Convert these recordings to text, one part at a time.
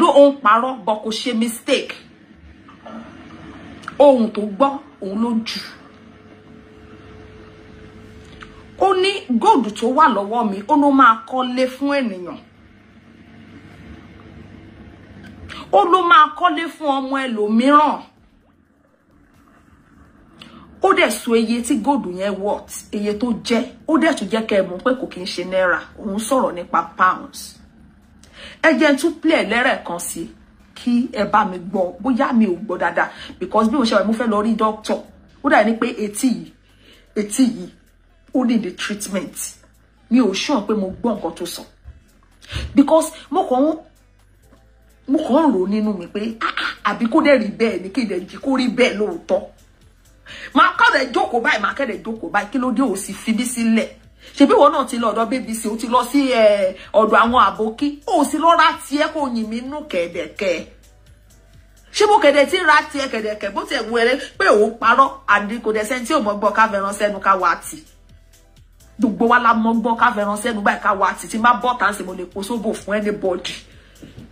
Do ń paro bọ̀ kò ṣe mistake ohun tó gbọ́ òun ló jù ó ní góòdù tó wà lọ́wọ́ mi ó ló máa kọ́lé fún ènìyàn ó ló máa kọ́lé fún ọmọ ẹlòmíràn ó dẹ̀ sọ iye tí góòdù yẹn worth iye tó jẹ́ ó dẹ̀ tún jẹ́ kẹ́ ẹ mọ̀ pé kò kí ń ṣe náírà òun sọ̀rọ̀ nípa pounds ẹ jẹ́ tún play lẹ́rẹ̀ kan sí kí ẹ bá mi gbọ́ bóyá mi ò gbọ́ dáadáa because bí mo ṣe wà mo fẹ́ lọ rí doctor ó dà ní pé etí yìí etí yìí ó ní the treatment mi ò sure pé mo gbọ́ nǹkan tó sọ because mo kàn ń mo kàn ń rò nínú mi pé ah, ah, àbí kó dẹ̀ rí bẹ́ẹ̀ ni kí dẹ̀ jí kó rí bẹ́ẹ̀ lóòótọ́ màá kọ́ dẹ̀ jókòó báyìí màá kẹ́ dẹ̀ jókòó báyìí kí ló dé òsì fi bí sílẹ̀ ṣebí ìwọ náà ti lọ ọ̀dọ̀ bbc o ti lọ sí ọ̀dọ̀ àwọn àbókí o sì lọ ra tiẹ̀ kò yìn mí nú kẹ̀dẹ̀kẹ̀ ṣé mo kẹ̀dẹ̀ tí ra tiẹ̀ kẹ̀dẹ̀kẹ̀ bó tiẹ̀ gun ẹ̀rẹ́ pé òun parọ́ àdínkù dẹ̀sẹ̀ tí ò mọ́ gbọ́ ká fẹ́ràn sẹ́nu ká wá tì gbogbo wa la mọ́ gbọ́ ká fẹ́ràn sẹ́nu báyìí ká wá tì tí má bọ́ tà ń sè mo lè po sóbò fún anybody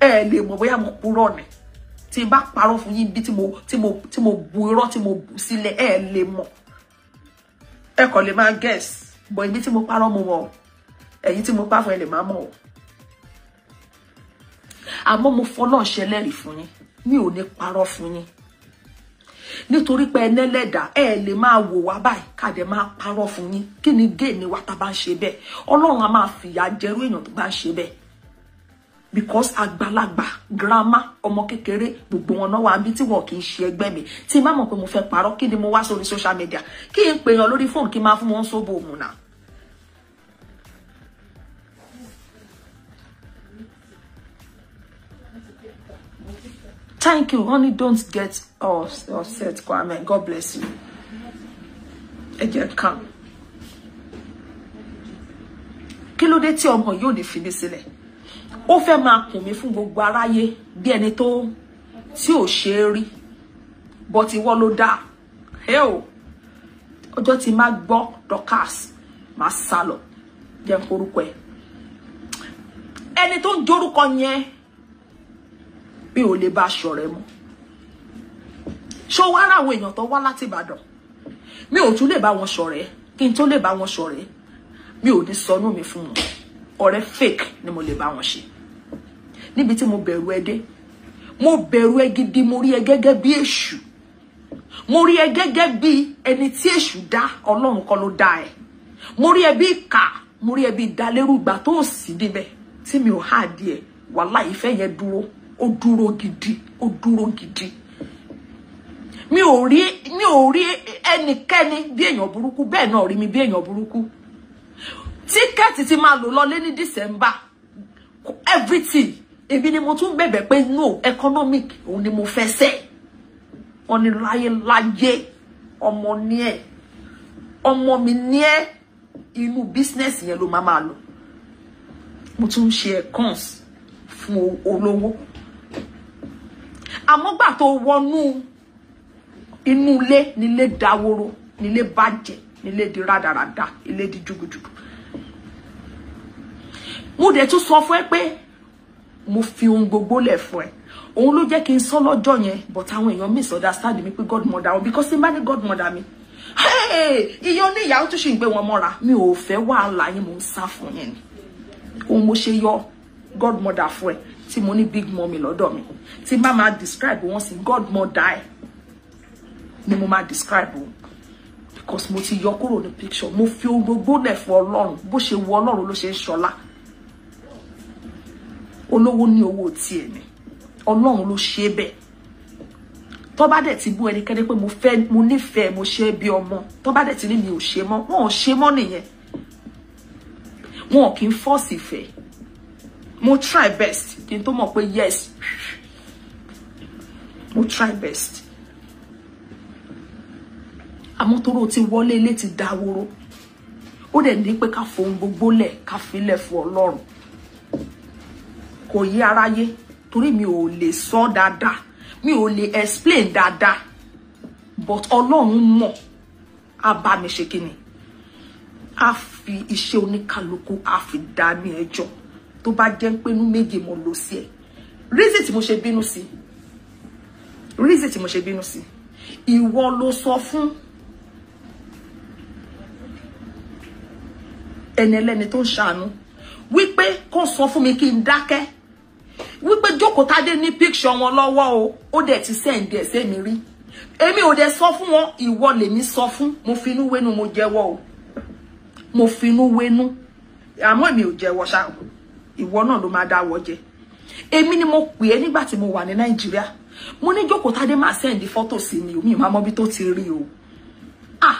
ẹ lè mọ̀ bóyá mo purọ́ ni tí n bá parọ́ fún yín bí mo tí mo tí mo bu irọ́ tí mo bù sílẹ̀ ẹ lè mọ̀ ẹ kàn lè máa guess bọ̀ ibi tí mo parọ́ mo mọ̀ ẹ̀yìn tí mo pa fún ẹ lè má mọ̀ àmọ́ mo fọlọ́ ṣẹlẹ́rìí fún yín mi ò ní parọ́ fún yín nítorí pé ẹnẹ́lẹ́dà ẹ lè máa wò wá báyìí káàdé máa parọ́ fún yín kí ni géè ni wá tá a bá ń ṣe bẹ́ẹ̀ ọlọ́run a máa fìyà jẹrú èèyàn tó bá ń ṣe bẹ́ẹ̀ because agbalagba grammar ọmọ kékeré gbogbo wọn náà wà níbi tí wọn kì í ṣe mi tí má mọ̀ pé mo fẹ́ parọ́ kí ni mo wá sórí social media ki n pèèyàn lórí fóònù kí n máa fún bo sóbò òmùnà. thank you honey don't get us upset Kwame god bless you ẹ jẹ́ calm kí ló dé tí ọmọ yóò ní ó fẹ́ máa pè mí fún gbogbo aráyé bí ẹni tó tí ò ṣe é rí bọ́ ti wọ́ ló dáa ẹ o ọjọ́ tí má gbọ́ Dorkas má sá lọ jẹ́ forúkọ ẹ ẹni tó ń jorúkọ yẹn mi ò lè bá aṣọ rẹ mọ́ ṣó wá ra àwọn èèyàn tó wá láti Ìbàdàn mi ò tún lè bá wọn ṣọ̀rẹ́ kí n tó lè bá wọn ṣọ̀rẹ́ mi ò ní sọnù mi fún wọn ọ̀rẹ́ fake ni mo lè bá wọn ṣe níbi tí mo bẹ̀rù ẹ dé mo bẹ̀rù ẹ gidi mo rí ẹ gẹ́gẹ́ bí èṣù mo rí ẹ gẹ́gẹ́ bí ẹni tí èṣù dá ọlọ́run kọ́ ló dá ẹ mo rí ẹ bí ìkà mo rí ẹ bí ìdálérúgba tó sì níbẹ̀ tí mi ò há díẹ̀ wàhálà ìfẹ́ yẹn dúró ó dúró gidi ó dúró gidi mi ò rí mi ò rí ẹnikẹ́ni bí èèyàn burúkú bẹ́ẹ̀ náà rí mi bí èèyàn burúkú tíkẹ́ẹ̀tì ti máa lò lọlé ní december everything ebi ni mo tún bẹ̀bẹ̀ pé no economic òun ni mo fẹ́ sẹ́ wọn ni láyéláyé ọmọ ní ẹ ọmọ mi ní ẹ inú business yẹn ló máa máa lọ mo tún ṣe ẹ̀kọ́ns fún olówó àmọ́ gbà le wọnú inú ilé nílé dáwóró nílé bàjẹ́ nílé di rádaràda ilé di jùgùjùgù mo dẹ̀ tún sọ fún ẹ pé mo fi ohun gbogbo lẹ̀ fún ẹ òun ló jẹ́ kí n sọ lọ́jọ́ yẹn but àwọn èèyàn misunderstand mi pé godmother wọn because tí n bá ní godmother mi iye oníyàwó tún ṣì ń gbé wọn mọ́ra mi ò fẹ́ wàhálà yín mò ń sá fún yẹn ni òun mo ṣe yọ godmother fún ẹ tí mo ní big mommy lọ́dọ̀ mi tí má máa describe wọn sí godmother ẹ ni mo máa describe wọn because mo ti yọ kúrò ní picture mo fi ohun gbogbo lẹ̀ fún ọlọ́run bó ṣe wọ ọlọ́run ló ṣe ń olówó ní owó tiẹ̀ ni ọlọ́run ló ṣe é bẹ́ẹ̀ tó bá dẹ̀ ti bú ẹnikẹ́ni pé mo fẹ́ mo nífẹ̀ẹ́ mo ṣe é bí ọmọ tó dẹ̀ ti ní mi ò ṣe mọ́ wọn ò ṣe mọ́ nìyẹn wọn kì í fọ́ọ̀sì ìfẹ́ mo try best kí n tó mọ̀ pé yes mo try best àmọ́ toró ti wọlé ilé ti dáwóró ó dẹ̀ ní pé ká fohun gbogbo lẹ̀ ká filẹ̀ fún ọlọ́run kò yí aráyé torí mi ò lè sọ dáadáa mi ò lè explain dáadáa but ọlọ́run mọ̀ á bá mi ṣe kí ni á fi iṣẹ́ oníkálukú á fi dá ní ẹjọ́ tó bá jẹ́ pé inú méje mo lò sí ẹ̀ reason tí mo ṣe bínú sí reason tí mo ṣe bínú sí ìwọ ló sọ fún ẹni ẹlẹ́ni tó ń ṣàánú wípé kó sọ fún mi kí n dákẹ́ wípé jókòó tádé ní píkṣọ wọn lọ́wọ́ o ó dẹ̀ ti sẹ́ǹdì ẹ̀ sẹ́mi rí èmi ò dẹ̀ sọ fún wọn ìwọ lèmi sọ fún mo finú wénu mo jẹ́wọ́ o mo finú wénu àmọ́ èmi ò jẹ́wọ́ ṣá ìwọ náà ló máa dáwọ́ jẹ èmi ni mo pè é nígbà tí mo wà ní nàìjíríà mo ní jókòó tádé máa sẹ́ǹdì fọ́tò sí mi mi ò máa mọbi tó ti rí o ah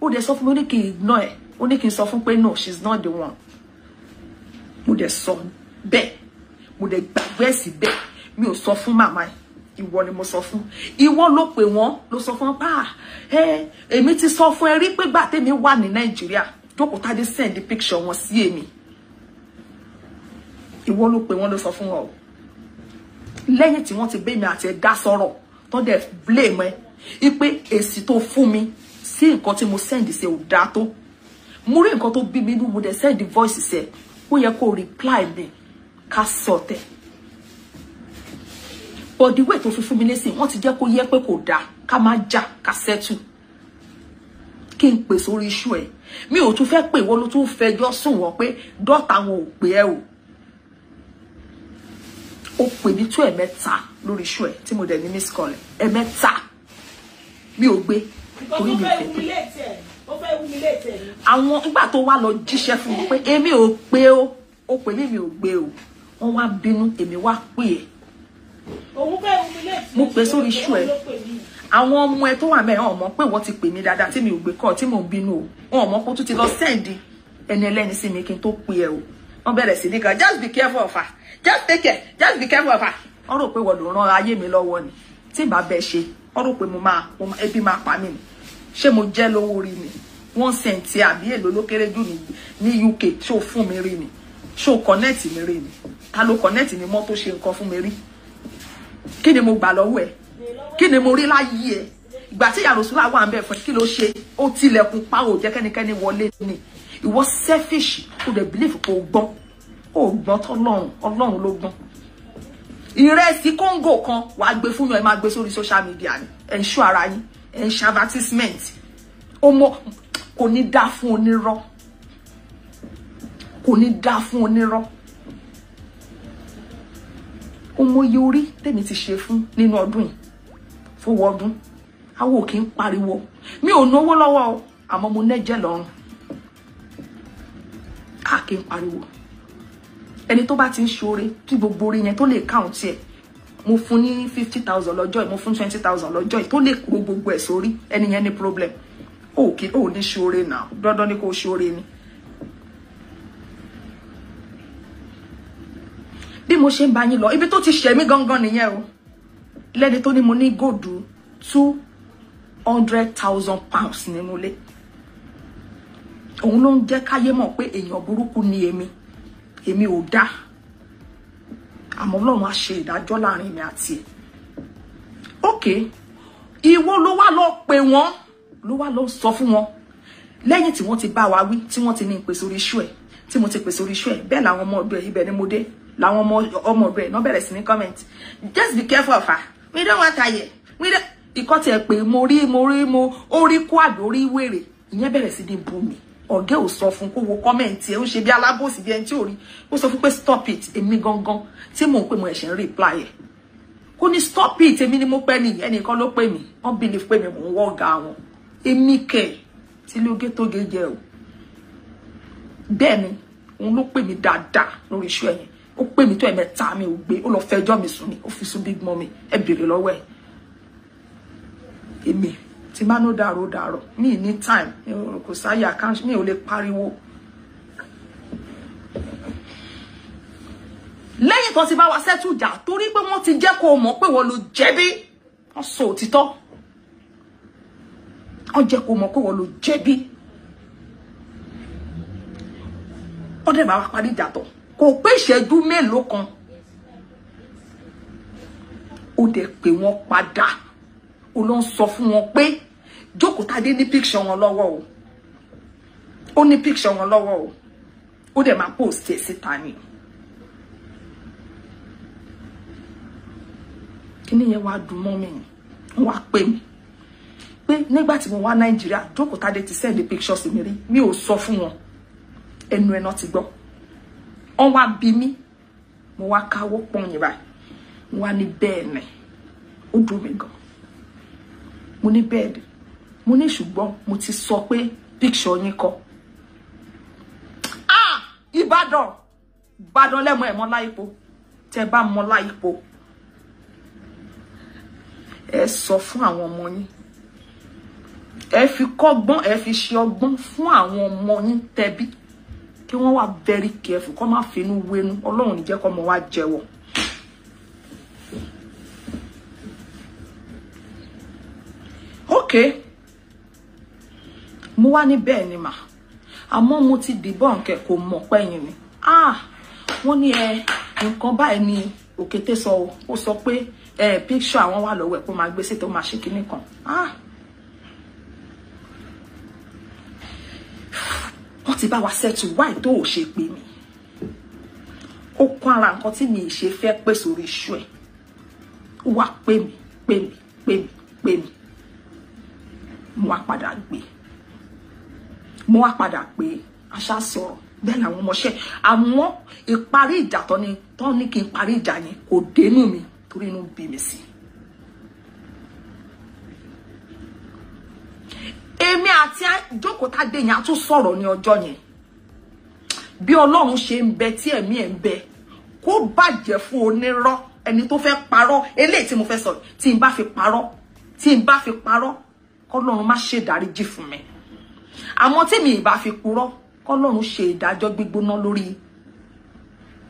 ó dẹ̀ sọ fún mi ó ní kí n ignore ó ní kí n sọ fún pé no she's not the one mo dẹ̀ sọ bẹ́ẹ̀ mo dẹ̀ si be? mi ò sọ fún màmá yìí ìwọ ni mo sọ fún ìwọ ló pè wọ́n ló sọ fún pa ẹ èmi ti sọ fún ẹ rí pé gbà tèmi wà ní nàìjíríà jókòó tádé send picture wọn sí èmi ìwọ ló pè won lo sọ fún o lẹ́yìn tí wọ́n ti bẹ mi àti ẹdá sọ̀rọ̀ tó dẹ blame ẹ ipe èsì tó fún mi sí nǹkan tí mo send se ò dá tó mo rí nǹkan tó bí mi inú mo dẹ send voice sẹ ó yẹ kó reply mi Kasote, but the way to fi fún mi lẹ́sìn wọ́n ti jẹ́ kó yẹ pé kò dáa ká má jà ká sẹ́tù kí n pè sórí iṣu ẹ̀ mi ò tún fẹ́ pè wọ́n ló tún fẹjọ́ sùn wọ́n pé dọ́ta wọn ò pè ẹ́ o ó pè mí tó ẹ̀mẹ́ta lórí iṣu ẹ̀ tí mo dẹ̀ ní miss call ẹ̀mẹ́ta mi ò gbé torí mi ò fẹ́ pè àwọn nígbà tó wá lọ jíṣẹ́ fún mi pé èmi ò pé o ó pè mí mi ò gbé o wọ́n wá bínú èmi wá pè é mo pè sórí iṣu ẹ àwọn ọmọ ẹ tó wà mẹ́rin wọn mọ̀ pé wọ́n ti pè mí dáadáa tí mi ò gbé kọ́ tí mò bínú o wọn mọ̀ pé ó tún ti lọ sẹ́ǹdì ẹni ẹlẹ́ni sí mi kí n tó pè ẹ o wọ́n bẹ̀rẹ̀ sí ní kan just be careful of her just take care just be careful of her wọ́n rò pé wọ́n ló rán ayé mi lọ́wọ́ ni tí n bá bẹ́ẹ̀ ṣe wọ́n rò pé mo máa ebi máa pa mí ni ṣé mo jẹ́ lówó rí ni wọ́n sẹ̀ǹtì àbí èlò ló jù ní UK ṣó fún mi rí ni ṣó connect mi rí ni ta connect ni mọ́ tó ṣe nǹkan fún mi rí kí mo gbà lọ́wọ́ ẹ̀ kí mo rí láyé ẹ̀ ìgbà ti yàrá òṣùlá wà ń bẹ̀ fún kí ló ṣe ó tilẹ̀kùn pa ò jẹ́ kẹ́nikẹ́ni wọlé ni was selfish kò dẹ̀ believe kò gbọ́n ó gbọ́n tọ́lọ́run ọlọ́run ló gbọ́n ìrẹsì kóńgò kan wàá gbé fún yàn ẹ máa gbé sórí social media ni ẹ ń ṣọ́ ara yín ẹ ń ṣe advertisement ó mọ kò ní dá fún onírọ́ kò ní dá fún onírọ́ ó mọyì orí tèmi ti ṣe fún nínú ọdún yìí fowó ọdún awo kì í pariwo mi ò náwó lọ́wọ́ o àmọ́ mo nẹ́jẹ̀ lọ́rùn a kì í pariwo ẹni tó bá ti ń ṣoore tí gbogbo orí yẹn tó lè káwọn tiẹ̀ mo fún ní fifty thousand lọ́jọ́ yìí mo fún twenty thousand lọ́jọ́ yìí tó lè kó gbogbo ẹ̀ sórí ẹni yẹn ní problem o kì í o ní ṣoore náà dandan ni kò ṣoore ni. bí mo ṣe ń bá yín lọ ibi tó ti ṣẹ̀mí gangan nìyẹn o lẹ́ni tó ní mo ní gòdù two hundred thousand pounds nínú ilé òun ló ń jẹ́ káyé mọ̀ pé èèyàn burúkú ni èmi èmi ò dá àmọ́ ọlọ́run á ṣe ìdájọ́ láàrin mi àti ẹ̀ ókè ìwọ ló wá lọ pè wọ́n ló wá lọ sọ fún wọn lẹ́yìn tí wọ́n ti bá wa wí tí wọ́n ti ní ìpè sórí iṣu ẹ̀ tí mo ti pè sórí iṣu ẹ̀ bẹ́ẹ̀ làwọn ọmọ ọdún ẹ̀ ibẹ̀ ni mo dé làwọn ọmọ ọmọ rẹ̀ náà bẹ̀rẹ̀ sí me comment just be careful of her we don't want her here we don't ìkọ́ tiẹ̀ pé mo rí mo rí mo ó rí kó àbí ó rí wèrè ìyẹn bẹ̀rẹ̀ so ní bú mi ọ̀gẹ́ ò sọ fún kó wo kọ́mẹ̀ntì ẹ̀ ó ṣe bí alábòsí stop it èmi gangan gong. mò ń pè mo ẹ̀ṣẹ̀ ń reply ẹ̀ you stop it A minimum penny. Any call, ẹnìkan ló pè believe me. mi mò ń wọ́ ọ̀gá wọn èmi kẹ̀ tí ló get. tó gé jẹ o me. ni òun ló pè mí ó pè mí tó ẹ̀mẹ́ta mi ò gbé ó lọ fẹjọ́ mi sùn ni ó fi sùn big mommy ẹ bèrè lọ́wọ́ ẹ̀ èmi tí má ló dàrú dàrọ̀ mi ní time kò sáyé àkáǹtì mi ò lè pariwo. lẹ́yìn tó ti bá wa sẹ́tù jà torí pé wọ́n ti jẹ́ kó o mọ̀ pé wọ́n ló jẹ̀bi wọ́n sọ òtítọ́ wọ́n jẹ́ kó o mọ̀ pé wọ́n ló jẹ̀bi wọ́n dẹ̀ bá wa parí ìjà tán kò pé ìṣẹ́jú mélòó kan ó dẹ̀ pé wọ́n padà ó lọ sọ fún wọn pé jókòó tádé ní píkṣọ wọn lọ́wọ́ o ó ní píkṣọ wọn lọ́wọ́ o ó dẹ̀ máa post ẹ̀ síta ni. kíní yẹn wàá dùn mọ́ mi ń wá pè mí pé nígbà tí mo wá nàìjíríà jókòó tádé ti send pictures mi rí mi ò sọ fún wọn ẹnu ẹ̀ náà ti gbọ́ wọ́n wá bí mi mo wá káwọ́ pọ̀nyìn báyìí mo wá ní bẹ́ẹ̀ ni ó dùn mí gan mo ní bẹ́ẹ̀ ni mo ní ṣùgbọ́n mo ti sọ pé píkṣọ yín kọ́ ah ìbàdàn ìbàdàn lẹ́mọ̀ ẹ̀mọ́ láyípo tẹ bá mọ láyípo e sọ fún àwọn ọmọ yín ẹ fi kọ́gbọ́n ẹ fi ṣe ọgbọ́n fún àwọn ọmọ yín tẹbí kí wọ́n wà very careful kọ́ má finú wénú ọlọ́run ní jẹ́ kọ́ ọmọ wa jẹ́wọ́. ok mo wá ní bẹ́ẹ̀ ni mà àmọ́ mo ti dìbọn nkẹ́ kò mọ̀ pẹ́yìn ni ah wọ́n ní ẹ eh, nǹkan báyìí ni òkété sọ ó sọ pé ẹ eh, píkṣọ àwọn wà lọ́wọ́ ẹ̀ kó máa gbé síta ó máa ṣe kinní kan ah. wọ́n ti bá wa settle why tó ò ṣe pè mí ó kó ara nǹkan tí mi ṣe fẹ́ pè sórí iṣu ẹ̀ ó wá pè mí pè mí pè mí pè mí mo wá padà gbé mo wá padà pé aṣá sọ̀rọ̀ bẹ́ẹ̀ làwọn ọmọọṣẹ́ àmọ́ ìparí ìjà tó ní tó ní kí n parí ìjà yẹn kò dénú mi torí inú bí mi sí àti àjókòó tá a dé yẹn a tún sọ̀rọ̀ ní ọjọ́ yẹn bí ọlọ́run ṣe ń bẹ tí ẹ̀mí ẹ̀ ń bẹ kó bàjẹ́ fún onírọ́ ẹni tó fẹ́ parọ́ eléyìí tí mo fẹ́ sọ tí n bá fi parọ́ tí n bá fi parọ́ kọ́lọ́run má ṣe ìdáríjì fún mi àmọ́ tèmi ìbá fi purọ́ kọ́lọ́run ṣe ìdájọ́ gbígbóná lórí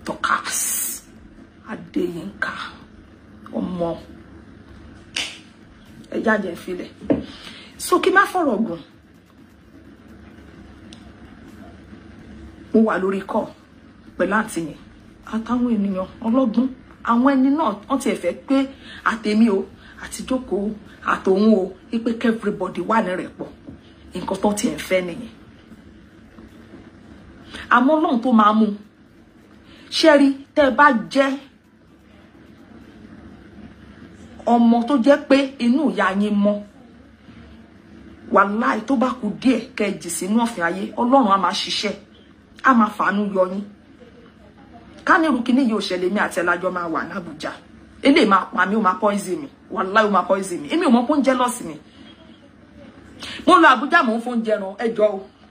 Dorkas Adéyínká ọmọ ẹ̀jáde ìfilẹ̀ so kí má fọ̀rọ̀ gùn. mo wà lórí kọ́ pẹ̀lú àtìyìn àtàwọn ènìyàn ọlọ́gbọ́n àwọn ẹni náà wọ́n ti fẹ́ pé àtèmi o àtijókòó àtòun o wípé everybody wà ní rẹ̀ pọ̀ nǹkan tó ti ẹ̀ fẹ́ nìyẹn àmọ́ ọlọ́run tó máa mú ṣẹ́rí tẹ́ ẹ bá jẹ́ ọmọ tó jẹ́ pé inú ìyá yín mọ́ wàláì tó bá kù díẹ̀ kẹ́ ẹ jì sínú ọ̀fìn ayé ọlọ́run á máa ṣiṣẹ́ a fanu fàánú yọ yín ká ní irú kíní yìí ò ṣẹlẹ̀ mi àti ẹlájọ́ máa wà lábújá eléyìí máa pa mí ó máa poison mi wàláì ó máa poison mi èmi ò mọ pé ó ń jẹ́ lọ́sì mi mo lọ àbújá mò ń fóúnjẹ ràn ẹjọ́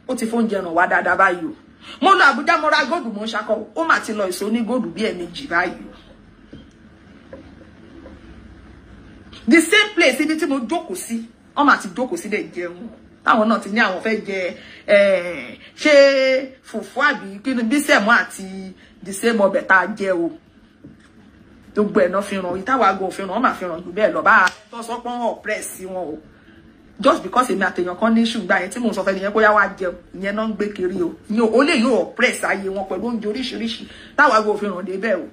o ti fóúnjẹ ràn wá dáadáa báyìí o mo lọ àbújá mo ra góòdù mo ń ṣakọ ó ti lọ èso ní góòdù bí ẹ̀ẹ̀mejì báyìí o the same place ibi tí mo jókòó sí ọmọ àti jókòó sí dẹ̀ jẹun táwọn náà ti ní àwọn fẹ́ jẹ ṣé fùfú àbí kínú bísẹ̀mù àti the same ọbẹ̀ tá a jẹ o gbogbo ẹ̀ náà fi ràn ìtawà gan òfin ràn wọ́n máa fi ràn jù bẹ́ẹ̀ lọ bá a tó wọn o just because èmi àtẹ̀yàn kan ní ṣùgbọ́n àyẹ̀ tí mò ń sọ fẹ́ nìyẹn kóyá wá jẹun ìyẹn náà ń gbé kiri o ìyẹn ò lè yóò ọ̀pẹ́rẹ́ sáyé wọn pẹ̀lú oúnjẹ oríṣiríṣi táwa gan òfin ràn dé bẹ́ẹ̀ o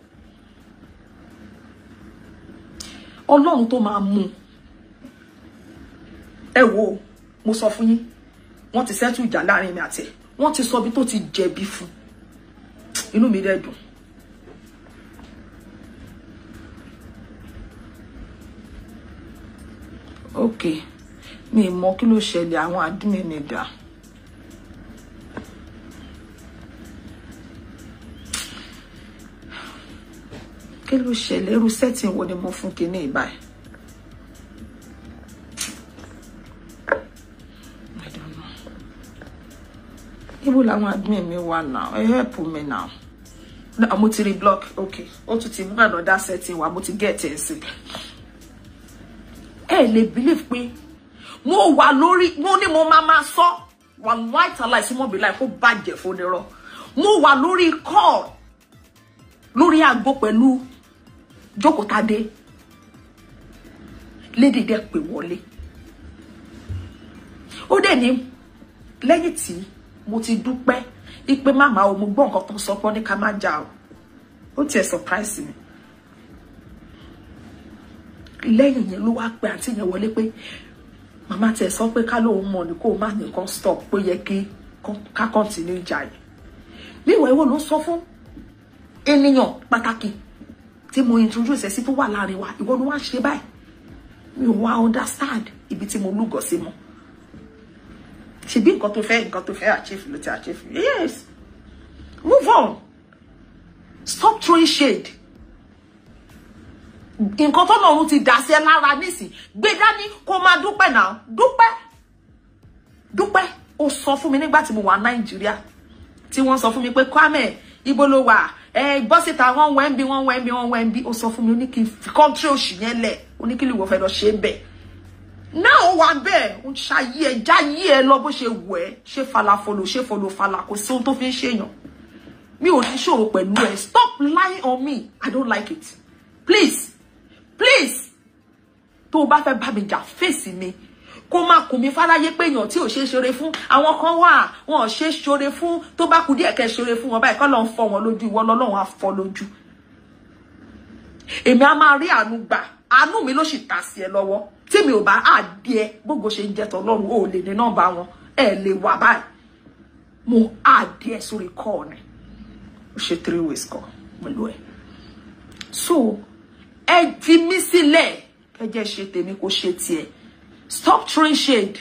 ọlọ́run tó máa mú ẹ wo mo sọ fún yín wọ́n ti settle ìjà láàrin mi àti ẹ̀ wọ́n ti sọ bí tó ti jẹ̀bi fún inú mi dẹ̀ dùn ok mi mọ kí ló ṣẹlẹ̀ àwọn àdúmí mi dà kí ló ṣẹlẹ̀ irú setting wo ni mo fún kinní ìbáyìí irú làwọn me mi one now help me now i'm mo to block okay ó tún ti mú another setting i'm to get ẹ̀ sí ẹ believe mo wa lórí mo ní mo ma ma so wà láìtàláì sí mọ́bìlì láì mo wà lórí call lórí àgbo pẹ̀lú jókòtadé lédè dẹ́ pè wọlé ó dẹ̀ mo ti dúpẹ́ ipe màmá o mo gbọ́ nǹkan tó sọ pé ní ká má jà o ó tiẹ̀ surprise mi lẹ́yìn yẹn ló wá pe àǹtí yẹn wọlé pé màmá tiẹ̀ sọ pé ká lóun mọ̀ ní kó o má nìkan stop pé yẹ kí ká continue jà yìí bí ìwọ ìwọ ló sọ fún ènìyàn pàtàkì tí mo introduce ẹ sí tó wà láàrin wa ìwọ ló wá ṣe báyìí mi ò wá understand ibi tí mo lúgọ sí mọ́ been nǹkan to fẹ́ nǹkan to fẹ́ achieve ló achieve yes move on stop throwing shade In tó lọ́run ti dà sí ẹ lára nísìn gbé dání kó máa dúpẹ́ náà dúpẹ́ dúpẹ́ ó sọ fún mi nígbà tí mo wà nàìjíríà tí kwame ibo ló wà ẹ bọ́ síta wọ́n one, wọ́n wẹ́ńbí one, wẹ́ńbí ó sọ fún mi ó ní kí kọ́ńtírì òṣì yẹn lẹ̀ ó ní kí lè náà wà bẹ́ẹ̀ ń ṣayé ẹ jáyé ẹ lọ bó ṣe wù ẹ́ ṣe falafolo ṣe folo fala kò sí ohun tó fi ń ṣèyàn mi ò ní ṣòro pẹ̀lú ẹ stop lying on me i don't like it please please tó o bá fẹ́ bá mi jà fèsì mi kó má kù mí fáráyé pé èèyàn tí ò ṣe ṣore fún àwọn kan wà wọn ò ṣe ṣore fún tó bá kù díẹ̀ kẹ́ ṣore fún wọn báyìí kọ́ ló ń fọ wọn lójú ìwọ lọ́lọ́run á fọ lójú èmi á máa rí àánú gbà àánú mi ló sì ta sí ẹ lọ́wọ́ tí mi ò bá àdí ẹ gbogbo ṣe ń jẹ tọlọ́run ò lè ní nọ́mbà wọn ẹ lè wà báyìí mo àdí ẹ sórí kọ́ọ̀ ni ó ṣe three ways kan mo lo ẹ so ẹ fi mí sílẹ̀ ẹ jẹ́ ṣe tèmi kó ṣe tiẹ̀ stop throwing shade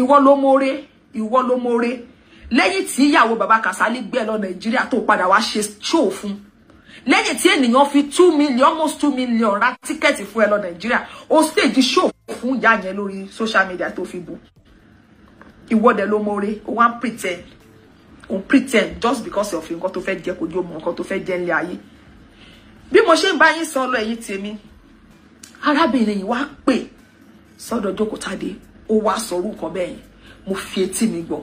ìwọ ló mórè ìwọ ló mórè lẹ́yìn tí ìyàwó baba Kasali gbé ẹ lọ Nàìjíríà tó padà wá show fún lẹ́yìn tí ènìyàn fi two million almost two million ra tíkẹ́ẹ̀tì fún ẹ lọ nàìjíríà ó stage show fún ìyá yẹn lórí social media tó fi bu ìwọ́dẹ ló mọ́re ó wá ń pretend ó ń pretend just because of nǹkan tó fẹ́ jẹ́ kó jó mọ nǹkan tó fẹ́ jẹ́ ńlẹ̀ ayé bí mo ṣe ń bá yín sọ lọ ẹ̀yìn tèmi arábìnrin yìí wá pè sọ́dọ̀ jókòó ó wá sọ̀rọ̀ nǹkan bẹ́ẹ̀ yẹn mo fi etí mi gbọ́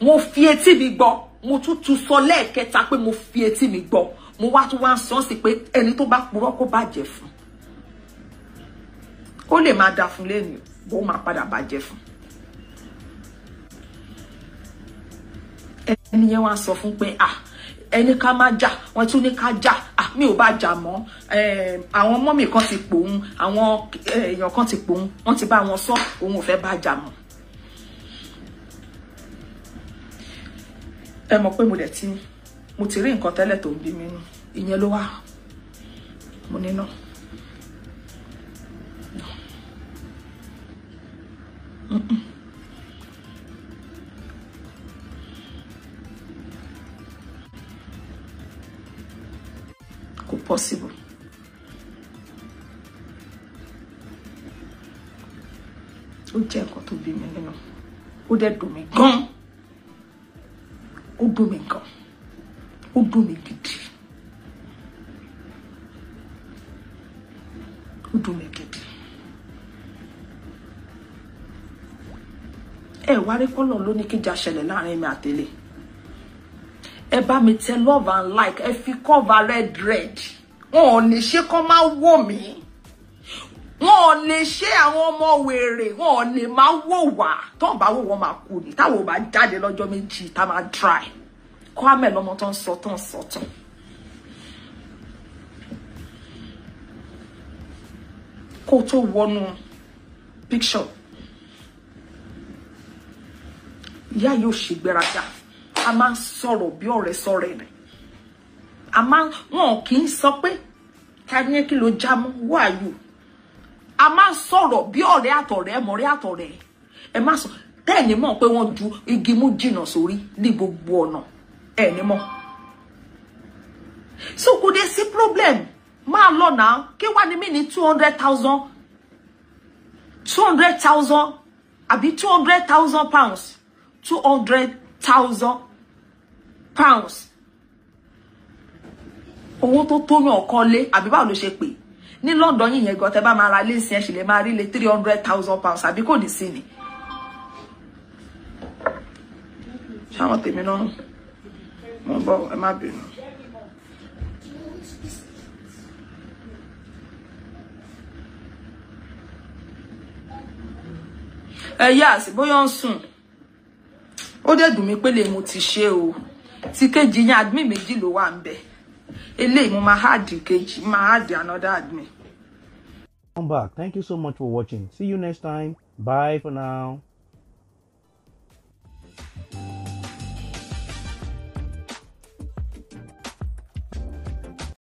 mo fi etí mi gbọ́ mo tún tu sọ lẹ́ẹ̀kẹta pé mo fi etí mi gbọ́ mo wá tún wá ń sọ sí pé ẹni tó bá purọ́ kó bàjẹ́ fún ó lè da fún lẹ́nu bó máa padà bàjẹ́ fún ẹni yẹn wá ń sọ fún ah ẹni ká má jà wọn tún ní ká jà ah mi ba bá jà mọ́ àwọn ọmọ mi kan ti pòun àwọn èèyàn kan ti pòun wọ́n ti bá wọn sọ òun ò fẹ́ bá jà mọ́. ẹ mọ̀ pé mo dẹ̀ ti mo ti rí nǹkan tẹ́lẹ̀ tó ń bí mi nù ìyẹn ló wà mo ní kò possible. ó jẹ́ nǹkan tó bí mi nínú ó dẹ̀ dùn mí gan-an ó dùn mí gan-an ó dùn mí gidi ó dùn mí gidi ẹ wá rí kọ́lọ̀ ló ní kíjà ṣẹlẹ̀ láàrin mi àtẹlẹ ẹ bá mi tẹ love and like ẹ fi cover red red wọn ò ní ṣe kọ́ máa wò mí wọn ò lè ṣe àwọn ọmọ wèrè wọn ò lè máa wò wá tó ń bá wò wọn máa kú ni táwọn ò bá jáde lọ́jọ́ méjì tá máa dry. Kwame lọ́mọ tó ń sọ tó picture. ya yóò ṣègbéraga. A máa ń sọ̀rọ̀ bí ọ̀rẹ́ sọ̀rẹ́ ni. A máa wọn kì í sọ pé ta ni kí ló já mú wáyù. A máa ń sọ̀rọ̀ bí ọ̀rẹ́ àtọ̀rẹ́ mọ̀rẹ́ àtọ̀rẹ́. Ẹ má sọ tẹ́ẹ̀ ní mọ̀ pé wọ́n ju igi mú jìnnà ẹ̀ ní so could dé see problem máa lọ now, kí one minute mí ní two hundred thousand two hundred thousand àbí two hundred thousand pounds two hundred thousand pounds owó tó tóyàn ọ̀kan lé àbí about ló shake pè ní London you yẹn gan tẹ bá máa ra léèsì ẹ sì lè máa rí lé three hundred thousand pounds àbí kò ní sí ni ṣáwọn tèmi náà mo ń bọ̀ ẹ má bínú. ẹ yá àsì bóyá ń sùn ó dẹ̀ dùn mí pé lè mo ti ṣe o ti kejì yẹn admin méjì ló wà ń bẹ eléyìí mo máa háàdì kejì Come back. Thank you so much for watching. See you next time. Bye for now.